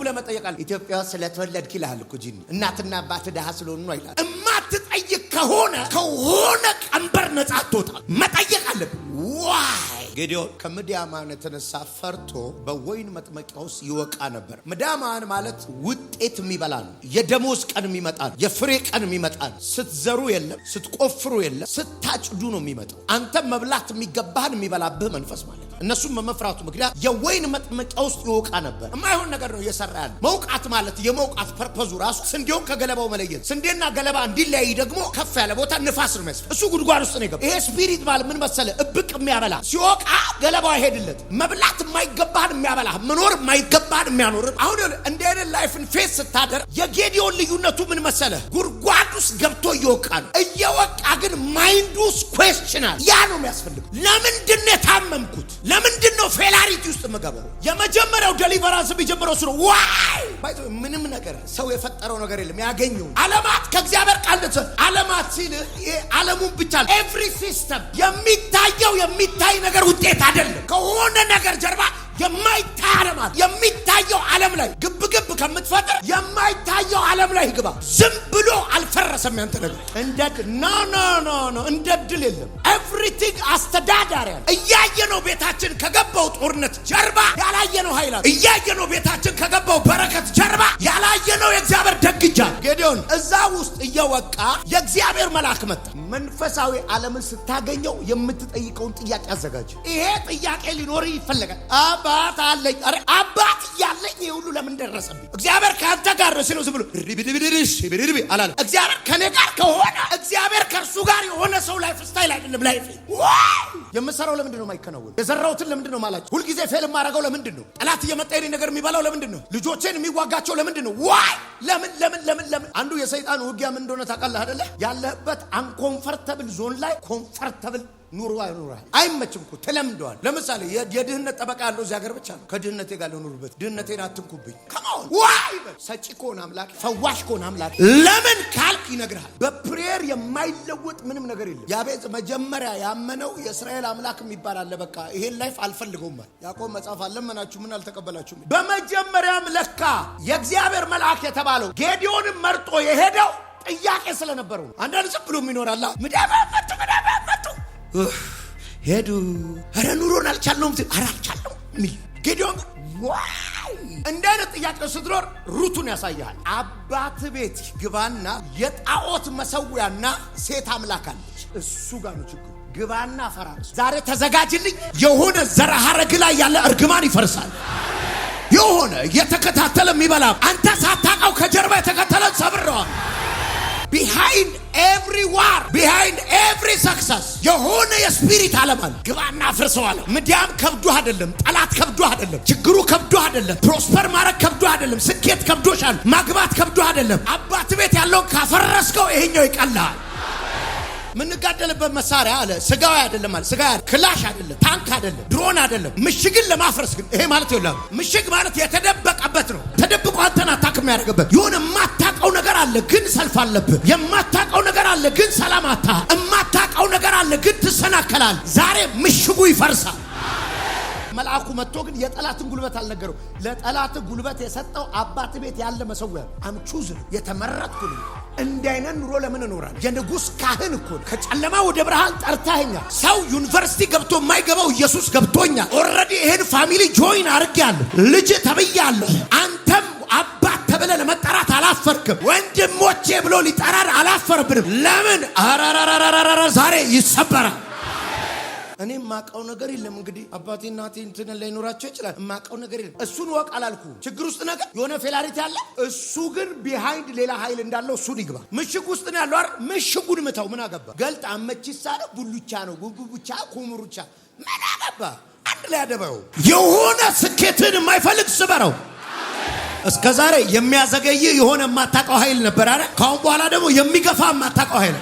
ብለህ መጠየቅ አለ። ኢትዮጵያ ስለተወለድ ስለተወለድክ ይልሃል እኮ ጂኒ፣ እናትና አባት ድሃ ስለሆኑ ይላል። እማትጠይቅ ከሆነ ከሆነ ቀንበር ነጻ ትወጣ። መጠየቅ አለብ ዋይ ጌዲዮን ከምድያማን የተነሳ ፈርቶ በወይን መጥመቂያ ውስጥ ይወቃ ነበር። ምድያማን ማለት ውጤት የሚበላ ነው። የደሞዝ ቀን የሚመጣ ነው። የፍሬ ቀን የሚመጣ ነው። ስትዘሩ የለም፣ ስትቆፍሩ የለም፣ ስታጭዱ ነው የሚመጣው። አንተ መብላት የሚገባህን የሚበላብህ መንፈስ ማለት እነሱም በመፍራቱ ምክንያት የወይን መጥመቂያ ውስጥ ይወቃ ነበር። የማይሆን ነገር ነው እየሰራ ያለ። መውቃት ማለት የመውቃት ፐርፐዙ ራሱ ስንዴውን ከገለባው መለየት፣ ስንዴና ገለባ እንዲለያይ ደግሞ ከፍ ያለ ቦታ ንፋስ ነው የሚያስፈልግ። እሱ ጉድጓድ ውስጥ ነው የገባው። ይሄ ስፒሪት ማለት ምን መሰለ? እብቅ የሚያበላ ሲወቃ ገለባው አይሄድለት። መብላት የማይገባህን የሚያበላ፣ መኖር የማይገባህን የሚያኖር። አሁን እንደ አይነት ላይፍን ፌስ ስታደር የጌዲዮን ልዩነቱ ምን መሰለ? ጉድጓድ ውስጥ ገብቶ እየወቃ ነው እየወቅ ማይንድ ውስጥ ኩዌስችናል። ያ ነው የሚያስፈልገው። ለምንድን ነው የታመምኩት? ለምንድን ነው ፌላሪቲ ውስጥ የምገባው? የመጀመሪያው ዴሊቨራንስ የሚጀምረው እሱ ዋይ ምንም ነገር ሰው የፈጠረው ነገር የለም ያገኘው አለማት ከእግዚአብሔር ቃል አለማት ሲል አለሙን ብቻ ኤቭሪ ሲስተም የሚታየው የሚታይ ነገር ውጤት አይደለም ከሆነ ነገር ጀርባ የማይታይ ዓለም አለ። የሚታየው ዓለም ላይ ግብግብ ከምትፈጥር የማይታየው ዓለም ላይ ግባ። ዝም ብሎ አልፈረሰም ያንተ ነገር። እንደ ኖ ኖ ኖ ኖ እንደ ድል የለም። ኤቭሪቲንግ አስተዳዳሪ ያለ እያየ ነው ቤታችን ከገባ ከገባው ጦርነት ጀርባ ያላየነው ኃይል አለ። እያየነው ቤታችን ከገባው በረከት ጀርባ ያላየነው የእግዚአብሔር ደግጃ ጌዲዮን እዛ ውስጥ እየወቃ የእግዚአብሔር መልአክ መጣ። መንፈሳዊ ዓለምን ስታገኘው የምትጠይቀውን ጥያቄ አዘጋጅ። ይሄ ጥያቄ ሊኖር ይፈለጋል። አባት አለኝ። አባት እያለ ለምን ደረሰብኝ? እግዚአብሔር ከአንተ ጋር ነው ሲለው ዝም ብሎ ሪብድብድርሽ ብድርቢ አላለ። እግዚአብሔር ከኔ ጋር ከሆነ እግዚአብሔር ከእርሱ ጋር የሆነ ሰው ላይፍ ስታይል አይደለም ላይፍ። የምሰራው ለምንድን ነው የማይከናወን? የዘራሁትን ለምንድን ነው ማላቸው? ሁልጊዜ ፌል የማደርገው ለምንድን ነው? ጠላት እየመጣ የኔ ነገር የሚበላው ለምንድን ነው? ልጆቼን የሚዋጋቸው ለምንድን ነው? ዋይ ለምን ለምን ለምን ለምን? አንዱ የሰይጣን ውጊያ ምን እንደሆነ ታውቃለህ አይደለ? ያለህበት አንኮንፈርተብል ዞን ላይ ኮንፈርተብል ኑሮ አይኑራ አይመችም እኮ ተለምደዋል። ለምሳሌ የድህነት ጠበቃ ያለው እዚህ ሀገር ብቻ ነው። ከድህነቴ ጋር ልኑርበት፣ ድህነቴን አትንኩብኝ። ከማሆን ዋይ በል። ሰጪ ከሆነ አምላክ፣ ፈዋሽ ከሆነ አምላክ ለምን ካልክ ይነግርሃል። በፕሬየር የማይለወጥ ምንም ነገር የለም። ያቤት መጀመሪያ ያመነው የእስራኤል አምላክ የሚባል አለ። በቃ ይሄን ላይፍ አልፈልገውም አለ። ያዕቆብ መጽሐፍ አለመናችሁ ምን አልተቀበላችሁም። በመጀመሪያም ለካ የእግዚአብሔር መልአክ የተባለው ጌዲዮንም መርጦ የሄደው ጥያቄ ስለነበረው ነው። አንዳንድ ዝም ብሎ የሚኖራላ ምዳ ሄዱ። ኧረ ኑሮን አልቻለውም ሲል ኧረ አልቻለውም ሚል ጌዲዮን ዋው! እንዲህ አይነት ጥያቄ ስትኖር ሩቱን ያሳይሃል። አባት ቤት ግባና የጣዖት መሰዊያና ሴት አምላክ አለች። እሱ ጋር ነው ችግሩ። ግባና ፈራርስ። ዛሬ ተዘጋጅልኝ። የሆነ ዘር ሐረግ ላይ ያለ እርግማን ይፈርሳል። የሆነ እየተከታተለ የሚበላ አንተ ሳታውቀው ከጀርባ የተከተለን ሰብረዋል ቢሃይንድ ዋር ቢሃይንድ ኤቭሪ ሰክሰስ የሆነ የስፒሪት ዓለም ግባና አፍርሰው ምድያም ከብዶ አይደለም፣ ጠላት ከብዶ አይደለም፣ ችግሩ ከብዶ አይደለም፣ ፕሮስፐር ማድረግ ከብዶ አይደለም፣ ስኬት ከብዶች ማግባት ከብዶ አይደለም። አባት ቤት ያለውን ካፈረስከው ይሄኛው ይቀልሃል። የምንጋደልበት መሳሪያ አለ ስጋዊ አይደለም አለ ስጋ ክላሽ አይደለም ታንክ አይደለም ድሮን አይደለም ምሽግን ለማፍረስ ግን ይሄ ማለት ይላ ምሽግ ማለት የተደበቀበት ነው። ተደብቆ አንተን አታክ የሚያደርግበት የሆነ አለ ግን ሰልፍ አለብህ። የማታውቀው ነገር አለ ግን ሰላም አታ የማታውቀው ነገር አለ ግን ትሰናከላል። ዛሬ ምሽጉ ይፈርሳል። መልአኩ መጥቶ ግን የጠላትን ጉልበት አልነገረው። ለጠላት ጉልበት የሰጠው አባት ቤት ያለ መሰዊያ አምቹዝ የተመረጥኩ እንዲህ አይነት ኑሮ ለምን እኖራል? የንጉሥ ካህን እኮ ከጨለማ ወደ ብርሃን ጠርታኛ ሰው ዩኒቨርሲቲ ገብቶ የማይገባው ኢየሱስ ገብቶኛል። ኦልሬዲ ይህን ፋሚሊ ጆይን አድርጌያለሁ። ልጅ ተብያለሁ። አንተም ተብለ ለመጠራት አላፈርክም። ወንድሞቼ ብሎ ሊጠራን አላፈርብንም። ለምን? አራራራራራ ዛሬ ይሰበራል። እኔ የማውቀው ነገር የለም። እንግዲህ አባቴ እናቴ እንትን ላይኖራቸው ይችላል። የማውቀው ነገር የለም። እሱን ወቅ አላልኩ። ችግር ውስጥ ነገር የሆነ ፌላሪቲ አለ። እሱ ግን ቢሃይንድ ሌላ ኃይል እንዳለው እሱን ይግባ። ምሽግ ውስጥ ነው ያለው አይደል? ምሽጉን ምተው ምን አገባ? ገልጥ አመቺሳ ነው፣ ቡሉቻ ነው፣ ጉጉቡቻ፣ ኩምሩቻ ምን አገባ? አንድ ላይ አደበው። የሆነ ስኬትን የማይፈልግ ስበረው። እስከ ዛሬ የሚያዘገይ የሆነ የማታውቀው ኃይል ነበር። አረ ካሁን በኋላ ደግሞ የሚገፋ የማታውቀው ኃይል